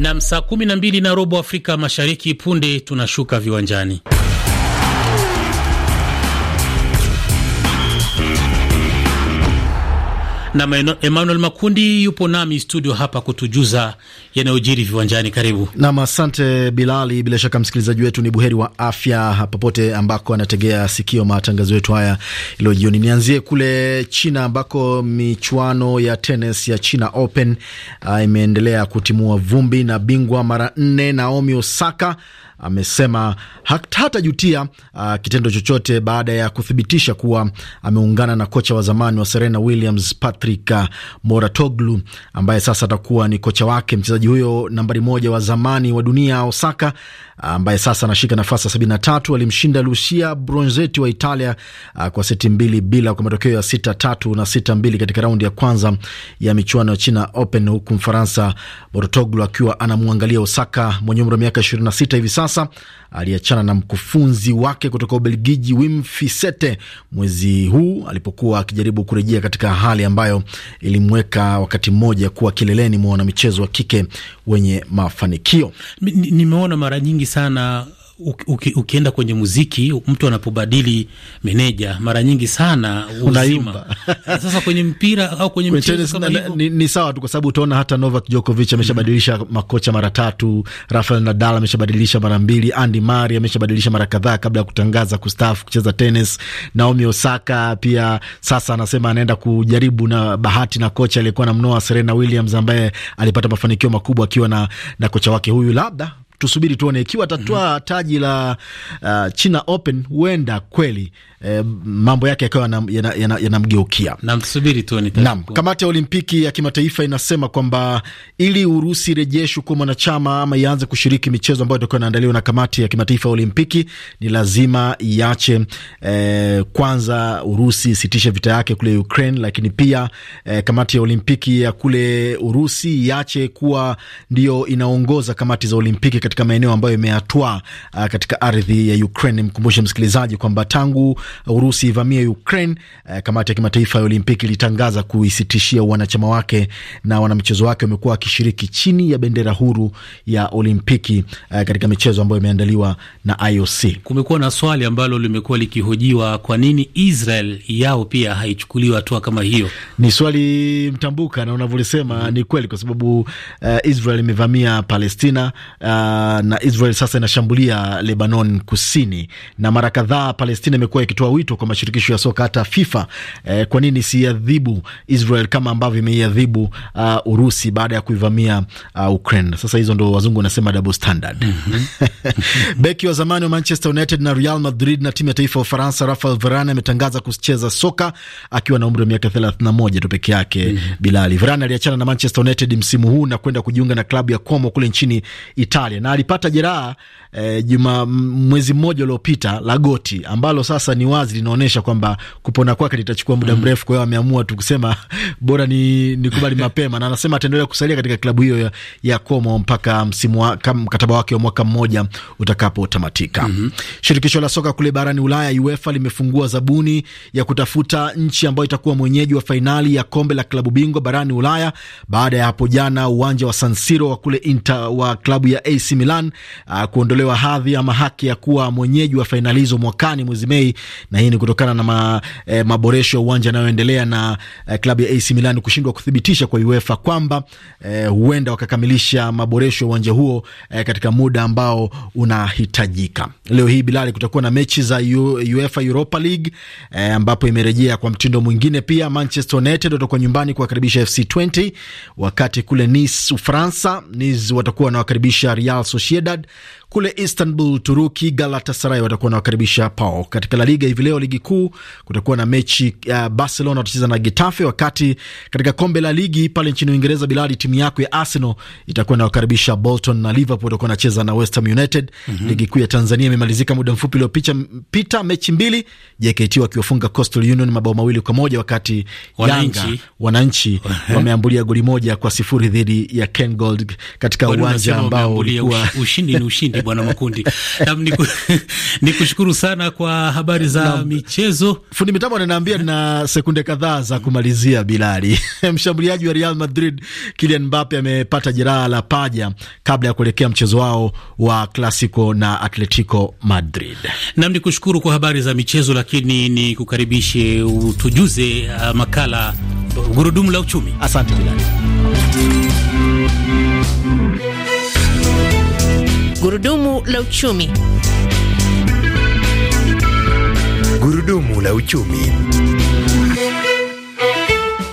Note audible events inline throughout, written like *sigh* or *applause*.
Nam, saa 12 na robo Afrika Mashariki. Punde tunashuka viwanjani. na Emmanuel Makundi yupo nami studio hapa kutujuza yanayojiri viwanjani. Karibu nam. Asante Bilali. Bila shaka msikilizaji wetu ni buheri wa afya popote ambako anategea sikio matangazo yetu haya ilo jioni. Nianzie kule China ambako michuano ya tenis ya China Open ah, imeendelea kutimua vumbi na bingwa mara nne Naomi Osaka amesema hatajutia uh, kitendo chochote baada ya kuthibitisha kuwa ameungana na kocha wa zamani wa Serena Williams Patrick Moratoglu ambaye sasa atakuwa ni kocha wake. Mchezaji huyo nambari moja wa zamani wa dunia Osaka ambaye sasa anashika nafasi ya sabini na tatu. Alimshinda Lucia Bronzetti wa Italia uh, kwa seti mbili bila kwa matokeo ya sita tatu na sita mbili katika raundi ya kwanza ya michuano ya China Open, huku Mfaransa Bortoglu akiwa anamwangalia Osaka mwenye umri wa miaka ishirini na sita hivi sasa aliachana na mkufunzi wake kutoka Ubelgiji Wim Fisete mwezi huu alipokuwa akijaribu kurejea katika hali ambayo ilimweka wakati mmoja kuwa kileleni mwa wanamichezo wa kike wenye mafanikio. Nimeona mara nyingi sana uki, ukienda kwenye muziki mtu anapobadili meneja mara nyingi sana unaimba. *laughs* Sasa kwenye mpira au kwenye mchezo kama hivyo ni, ni sawa tu, kwa sababu utaona hata Novak Djokovic ameshabadilisha mm makocha mara tatu, Rafael Nadal ameshabadilisha mara mbili, Andy Murray ameshabadilisha mara kadhaa kabla ya kutangaza kustaafu kucheza tenis. Naomi Osaka pia sasa anasema anaenda kujaribu na bahati na kocha aliyekuwa namnoa Serena Williams ambaye alipata mafanikio makubwa akiwa na, na kocha wake huyu labda tusubiri tuone ikiwa atatwaa mm -hmm. taji la uh, China Open huenda kweli E, mambo yake yakawa yanamgeukia yana, yana namsubiri nam. Kamati ya Olimpiki ya kimataifa inasema kwamba ili Urusi irejeshwe kuwa mwanachama ama ianze kushiriki michezo ambayo itakuwa inaandaliwa na kamati ya kimataifa ya Olimpiki ni lazima iache e, kwanza Urusi isitishe vita yake kule Ukraine, lakini pia e, kamati ya Olimpiki ya kule Urusi iache kuwa ndio inaongoza kamati za Olimpiki katika maeneo ambayo imeatwa uh, katika ardhi ya Ukraine. Nimkumbushe msikilizaji kwamba tangu Urusi ivamie Ukraine, uh, kamati ya kimataifa ya Olimpiki ilitangaza kuisitishia wanachama wake na wanamichezo wake wamekuwa wakishiriki chini ya bendera huru ya Olimpiki uh, katika michezo ambayo imeandaliwa na IOC. Kumekuwa na swali ambalo limekuwa likihojiwa, kwa nini Israel yao pia haichukuliwa hatua kama hiyo? Ni swali mtambuka na unavyolisema, mm -hmm. Ni kweli kwa sababu uh, Israel imevamia Palestina uh, na Israel sasa inashambulia Lebanon kusini, na mara kadhaa Palestina imekuwa ikitoa wito kwa mashirikisho ya soka hata FIFA, eh, kwa nini siadhibu Israel kama ambavyo imeiadhibu uh, Urusi baada ya kuivamia uh, Ukraine. Sasa hizo ndo wazungu wanasema double standard. mm -hmm. *laughs* Beki wa zamani wa Manchester United na Real Madrid na timu ya taifa ya Ufaransa Rafael Varane ametangaza kucheza soka akiwa na umri wa miaka 31 tu peke yake. mm -hmm. Bilali Varane aliachana na Manchester United msimu huu na kwenda kujiunga na klabu ya Como kule nchini Italia na na alipata jeraha eh, juma mwezi mmoja uliopita la goti ambalo sasa ni wazi linaonyesha kwamba kupona kwake litachukua muda mm-hmm. mrefu. Kwa hiyo ameamua tu kusema bora ni nikubali *laughs* mapema, na anasema ataendelea kusalia katika klabu hiyo ya, ya Como mpaka msimu wa, mkataba wake wa mwaka mmoja utakapotamatika. mm -hmm. Shirikisho la soka kule barani Ulaya UEFA limefungua zabuni ya kutafuta nchi ambayo itakuwa mwenyeji wa fainali ya kombe la klabu bingwa barani Ulaya baada ya hapo jana uwanja wa San Siro wa kule Inter wa klabu ya AC Milan uh, kuondolewa kutolewa hadhi ama haki ya kuwa mwenyeji wa fainali hizo mwakani mwezi Mei, na hii ni kutokana na ma, e, maboresho ya uwanja yanayoendelea na e, klabu ya AC Milan kushindwa kuthibitisha kwa UEFA kwamba e, huenda wakakamilisha maboresho ya uwanja huo e, katika muda ambao unahitajika. Leo hii Bilali, kutakuwa na mechi za UEFA Europa League e, ambapo imerejea kwa mtindo mwingine. Pia Manchester United watakuwa nyumbani kuwakaribisha FC 20 wakati kule Nice, Ufaransa, Nice watakuwa wanawakaribisha Real Sociedad kule kule Istanbul, Turuki, Galatasaray watakuwa nawakaribisha Pau. Katika La Liga hivi leo, ligi kuu, kutakuwa na mechi ya uh, Barcelona watacheza na Getafe, wakati katika kombe la ligi pale nchini Uingereza, Bilali, timu yako ya Arsenal itakuwa nawakaribisha Bolton na Liverpool watakuwa wanacheza na West Ham United. mm -hmm. Ligi kuu ya Tanzania imemalizika muda mfupi uliopita, mechi mbili, JKT wakiwafunga Coastal Union mabao mawili kwa moja wakati wananchi, Yanga wananchi *laughs* wameambulia goli moja kwa sifuri dhidi ya Ken Gold katika uwanja ambao ulikuwa ushindi ni ushindi bwana *laughs* na makundi. Nikushukuru *laughs* sana kwa habari za na michezo. Fundi mitambo ananiambia na sekunde kadhaa za kumalizia Bilali. *laughs* Mshambuliaji wa Real Madrid Kylian Mbappe amepata jeraha la paja kabla ya kuelekea mchezo wao wa Clasico na Atletico Madrid. Nam ni kushukuru kwa habari za michezo, lakini ni kukaribishe utujuze uh, makala uh, gurudumu la uchumi. Asante Bilali. Gurudumu la uchumi. Gurudumu la uchumi.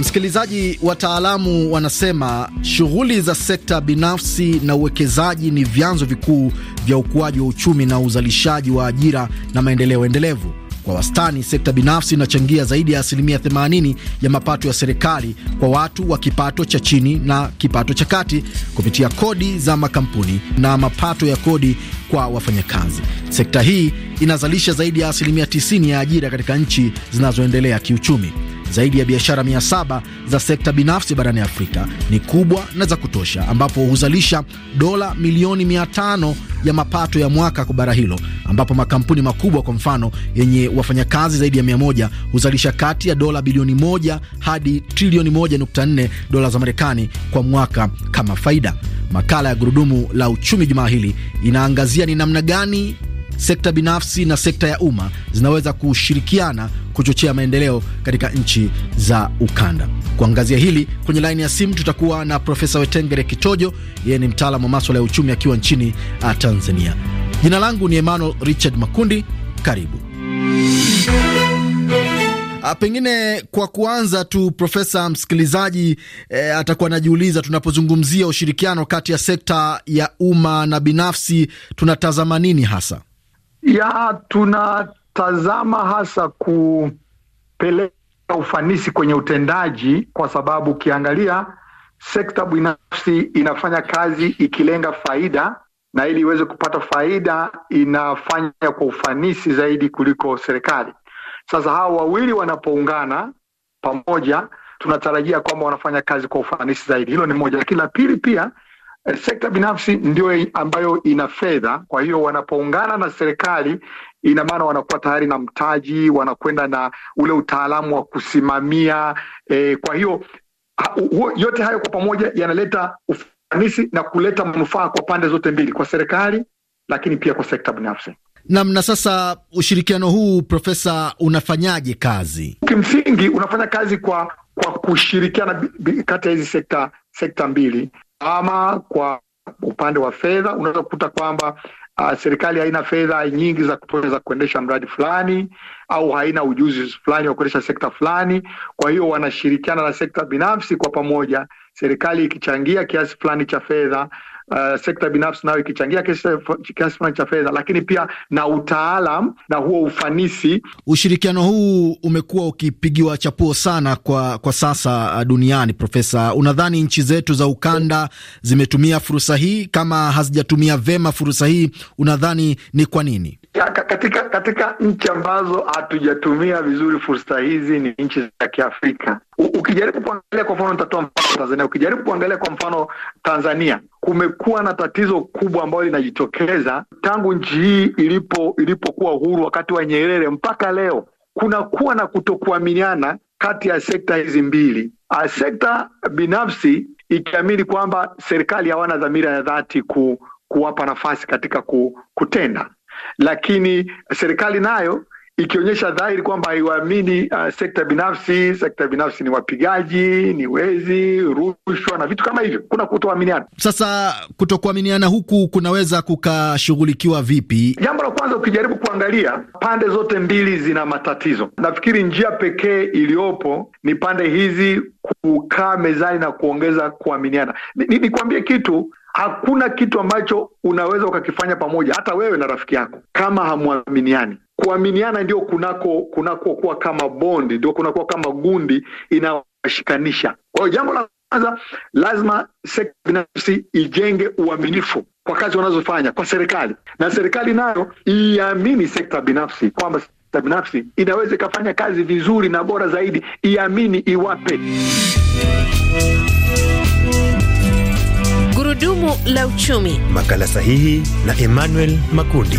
Msikilizaji, wataalamu wanasema shughuli za sekta binafsi na uwekezaji ni vyanzo vikuu vya ukuaji wa uchumi na uzalishaji wa ajira na maendeleo endelevu. Kwa wastani, sekta binafsi inachangia zaidi ya asilimia 80 ya mapato ya serikali kwa watu wa kipato cha chini na kipato cha kati kupitia kodi za makampuni na mapato ya kodi kwa wafanyakazi. Sekta hii inazalisha zaidi ya asilimia 90 ya ajira katika nchi zinazoendelea kiuchumi. Zaidi ya biashara 700 za sekta binafsi barani Afrika ni kubwa na za kutosha, ambapo huzalisha dola milioni 500 ya mapato ya mwaka kwa bara hilo, ambapo makampuni makubwa kwa mfano yenye wafanyakazi zaidi ya 100 huzalisha kati ya dola bilioni 1 hadi trilioni 1.4 dola za Marekani kwa mwaka kama faida. Makala ya Gurudumu la Uchumi jumaa hili inaangazia ni namna gani sekta binafsi na sekta ya umma zinaweza kushirikiana kuchochea maendeleo katika nchi za ukanda. Kuangazia hili kwenye laini ya simu tutakuwa na Profesa Wetengere Kitojo, yeye ni mtaalamu wa maswala ya uchumi akiwa nchini uh, Tanzania. Jina langu ni Emmanuel Richard Makundi, karibu. A, uh, pengine kwa kuanza tu Profesa, msikilizaji e, atakuwa anajiuliza tunapozungumzia ushirikiano kati ya sekta ya umma na binafsi tunatazama nini hasa? ya tunatazama hasa kupeleka ufanisi kwenye utendaji, kwa sababu ukiangalia sekta binafsi inafanya kazi ikilenga faida, na ili iweze kupata faida inafanya kwa ufanisi zaidi kuliko serikali. Sasa hawa wawili wanapoungana pamoja, tunatarajia kwamba wanafanya kazi kwa ufanisi zaidi. Hilo ni moja, lakini la pili pia Eh, sekta binafsi ndio ambayo ina fedha, kwa hiyo wanapoungana na serikali ina maana wanakuwa tayari na mtaji, wanakwenda na ule utaalamu wa kusimamia e, Kwa hiyo yote hayo kwa pamoja yanaleta ufanisi na kuleta manufaa kwa pande zote mbili, kwa serikali lakini pia kwa sekta binafsi. Nam. Na sasa ushirikiano huu profesa, unafanyaje kazi? Kimsingi unafanya kazi kwa kwa kushirikiana kati ya hizi sekta sekta mbili ama kwa upande wa fedha unaweza kukuta kwamba uh, serikali haina fedha nyingi za kutosha za kuendesha mradi fulani au haina ujuzi fulani wa kuendesha sekta fulani. Kwa hiyo wanashirikiana na sekta binafsi kwa pamoja, serikali ikichangia kiasi fulani cha fedha uh, sekta binafsi nayo ikichangia kiasi fulani cha fedha, lakini pia na utaalam na huo ufanisi. Ushirikiano huu umekuwa ukipigiwa chapuo sana kwa, kwa sasa uh, duniani. Profesa, unadhani nchi zetu za ukanda zimetumia fursa hii? Kama hazijatumia vema fursa hii, unadhani ni kwa nini? Katika, katika nchi ambazo hatujatumia vizuri fursa hizi ni nchi za Kiafrika. Ukijaribu kuangalia kwa mfano, nitatoa mfano Tanzania. Ukijaribu kuangalia kwa mfano Tanzania kume kumekuwa na tatizo kubwa ambalo linajitokeza tangu nchi hii ilipo ilipokuwa huru wakati wa Nyerere mpaka leo, kunakuwa na kutokuaminiana kati ya sekta hizi mbili, ah, sekta binafsi ikiamini kwamba serikali hawana dhamira ya dhati ku, kuwapa nafasi katika ku, kutenda, lakini serikali nayo ikionyesha dhahiri kwamba haiwaamini uh, sekta binafsi. Sekta binafsi ni wapigaji, ni wezi, rushwa na vitu kama hivyo. Kuna kutoaminiana. Sasa kutokuaminiana huku kunaweza kukashughulikiwa vipi? Jambo la kwanza, ukijaribu kuangalia pande zote mbili zina matatizo. Nafikiri njia pekee iliyopo ni pande hizi kukaa mezani na kuongeza kuaminiana. nikuambie ni, ni kitu Hakuna kitu ambacho unaweza ukakifanya pamoja, hata wewe na rafiki yako, kama hamwaminiani kuaminiana ndio kunako kuwa kama bondi, ndio kunakuwa kama gundi inawashikanisha. Kwa hiyo jambo la kwanza, lazima sekta binafsi ijenge uaminifu kwa kazi wanazofanya kwa serikali, na serikali nayo iamini sekta binafsi kwamba sekta binafsi inaweza ikafanya kazi vizuri na bora zaidi, iamini, iwape gurudumu la uchumi. Makala sahihi na Emmanuel Makundi.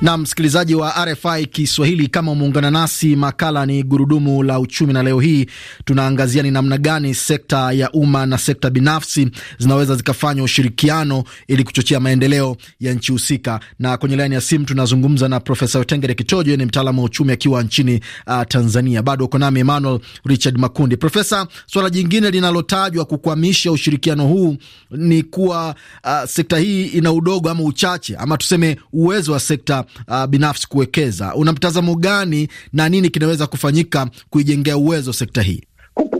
Na msikilizaji wa RFI Kiswahili, kama umeungana nasi, makala ni gurudumu la uchumi, na leo hii tunaangazia ni namna gani sekta ya umma na sekta binafsi zinaweza zikafanya ushirikiano ili kuchochea maendeleo ya nchi husika. Na kwenye laini ya simu tunazungumza na Profesa Wetengere Kitojo, ni mtaalamu wa uchumi akiwa nchini uh, Tanzania. Bado uko nami Emmanuel Richard Makundi. Profesa, swala jingine linalotajwa kukwamisha ushirikiano huu ni kuwa uh, sekta hii ina udogo ama uchache ama tuseme uwezo wa sekta uh, binafsi kuwekeza. Una mtazamo gani na nini kinaweza kufanyika kuijengea uwezo sekta hii?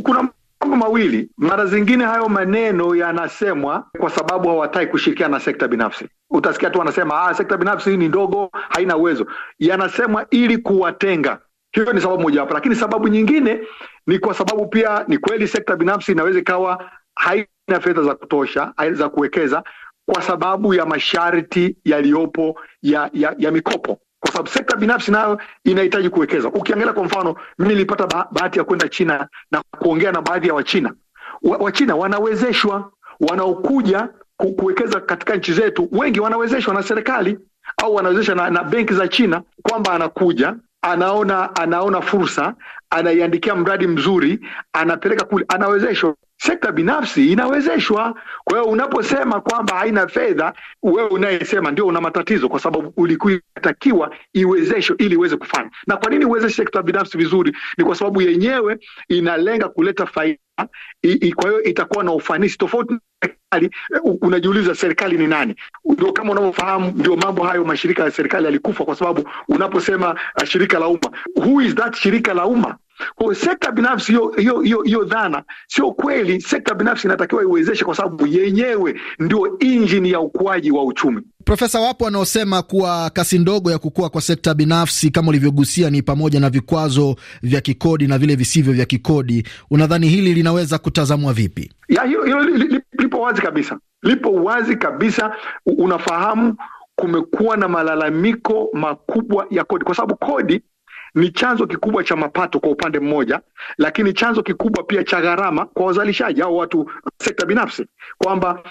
Kuna mambo mawili. Mara zingine hayo maneno yanasemwa kwa sababu hawataki kushirikiana na sekta binafsi. Utasikia tu wanasema ah, sekta binafsi hii ni ndogo, haina uwezo. Yanasemwa ili kuwatenga. Hiyo ni sababu mojawapo, lakini sababu nyingine ni kwa sababu pia ni kweli sekta binafsi inaweza ikawa haina fedha za kutosha za kuwekeza kwa sababu ya masharti yaliyopo ya, ya, ya mikopo kwa sababu sekta binafsi nayo inahitaji kuwekeza. Ukiangalia kwa mfano, mimi nilipata bahati ya kwenda China na kuongea na baadhi ya Wachina. Wachina wanawezeshwa, wanaokuja kuwekeza katika nchi zetu wengi wanawezeshwa na serikali au wanawezeshwa na, na benki za China kwamba anakuja anaona anaona fursa, anaiandikia mradi mzuri, anapeleka kule, anawezeshwa. Sekta binafsi inawezeshwa. Kwa hiyo unaposema kwamba haina fedha, wewe unayesema ndio una matatizo, kwa sababu ulikuwa inatakiwa iwezeshwe ili iweze kufanya. Na kwa nini uwezeshe sekta binafsi vizuri? Ni kwa sababu yenyewe inalenga kuleta faida, kwa hiyo itakuwa na ufanisi tofauti serikali, eh, unajiuliza serikali ni nani? Ndio kama unavyofahamu, ndio mambo hayo mashirika ya serikali yalikufa, kwa sababu unaposema ah, shirika la umma, who is that shirika la umma? Kwa sekta binafsi hiyo hiyo hiyo hiyo dhana sio kweli. Sekta binafsi inatakiwa iwezeshe, kwa sababu yenyewe ndio injini ya ukuaji wa uchumi. Profesa, wapo wanaosema kuwa kasi ndogo ya kukua kwa sekta binafsi kama ulivyogusia ni pamoja na vikwazo vya kikodi na vile visivyo vya kikodi. Unadhani hili linaweza kutazamwa vipi? Ya, li, li, li, lipo wazi kabisa, lipo wazi kabisa. Unafahamu kumekuwa na malalamiko makubwa ya kodi, kwa sababu kodi ni chanzo kikubwa cha mapato kwa upande mmoja, lakini chanzo kikubwa pia cha gharama kwa wazalishaji au watu sekta binafsi, kwamba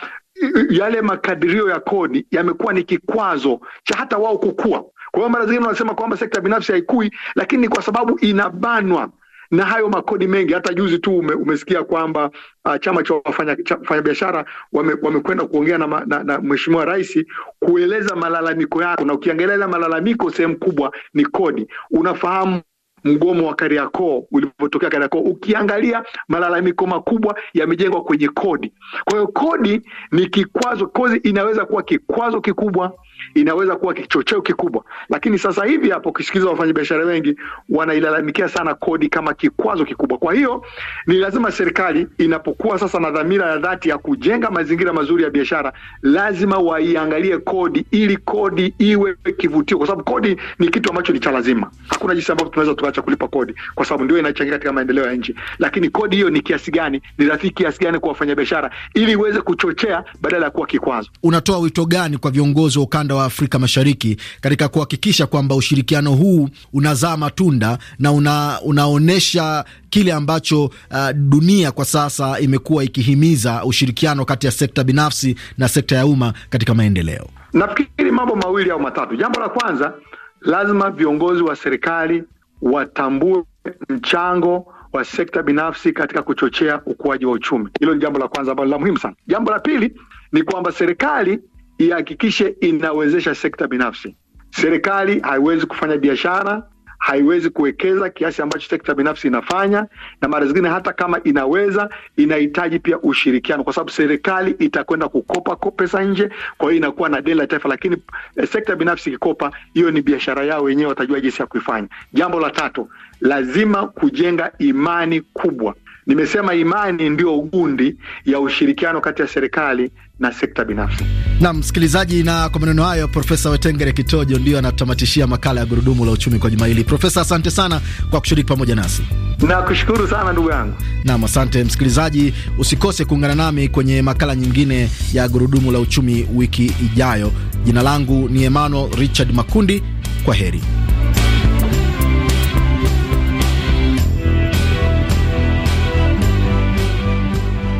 yale makadirio ya kodi yamekuwa ni kikwazo cha hata wao kukua. Kwa hiyo mara zingine wanasema kwamba sekta binafsi haikui, lakini kwa sababu inabanwa na hayo makodi mengi. Hata juzi tu ume, umesikia kwamba uh, chama cha wafanyabiashara wamekwenda wame kuongea na, na, na mheshimiwa rais kueleza malalamiko yako, na ukiangalia malalamiko sehemu kubwa ni kodi. Unafahamu mgomo wa Kariakoo ulivyotokea Kariakoo, ukiangalia malalamiko makubwa yamejengwa kwenye kodi. Kwa hiyo kodi ni kikwazo, kodi inaweza kuwa kikwazo kikubwa inaweza kuwa kichocheo kikubwa, lakini sasa hivi hapo ukisikiliza wafanyabiashara wengi wanailalamikia sana kodi kama kikwazo kikubwa. Kwa hiyo ni lazima serikali inapokuwa sasa na dhamira ya dhati ya kujenga mazingira mazuri ya biashara, lazima waiangalie kodi ili kodi iwe kivutio, kwa sababu kodi ni kitu ambacho ni cha lazima. Hakuna jinsi ambavyo tunaweza tukaacha kulipa kodi, kwa sababu ndio inachangia katika maendeleo ya nchi. Lakini kodi hiyo ni kiasi gani, ni rafiki kiasi gani kwa wafanyabiashara, ili iweze kuchochea badala ya kuwa kikwazo. Unatoa wito gani kwa viongozi wa ukanda wa Afrika Mashariki katika kuhakikisha kwamba ushirikiano huu unazaa matunda na una, unaonyesha kile ambacho uh, dunia kwa sasa imekuwa ikihimiza ushirikiano kati ya sekta binafsi na sekta ya umma katika maendeleo. Nafikiri mambo mawili au matatu. Jambo la kwanza, lazima viongozi wa serikali watambue mchango wa sekta binafsi katika kuchochea ukuaji wa uchumi. Hilo ni jambo la kwanza ambalo la muhimu sana. Jambo la pili ni kwamba serikali ihakikishe inawezesha sekta binafsi. Serikali haiwezi kufanya biashara, haiwezi kuwekeza kiasi ambacho sekta binafsi inafanya, na mara zingine hata kama inaweza, inahitaji pia ushirikiano, kwa sababu serikali itakwenda kukopa pesa nje, kwa hiyo inakuwa na deni la taifa. Lakini eh, sekta binafsi ikikopa, hiyo ni biashara yao wenyewe, watajua jinsi ya kuifanya. Jambo la tatu, lazima kujenga imani kubwa Nimesema imani ndiyo ugundi ya ushirikiano kati ya serikali na sekta binafsi. Na msikilizaji, na kwa maneno hayo Profesa Wetengere Kitojo ndiyo anatamatishia makala ya Gurudumu la Uchumi kwa juma hili. Profesa, asante sana kwa kushiriki pamoja nasi. Nakushukuru sana ndugu yangu. Naam, asante msikilizaji, usikose kuungana nami kwenye makala nyingine ya Gurudumu la Uchumi wiki ijayo. Jina langu ni Emmanuel Richard Makundi. Kwa heri.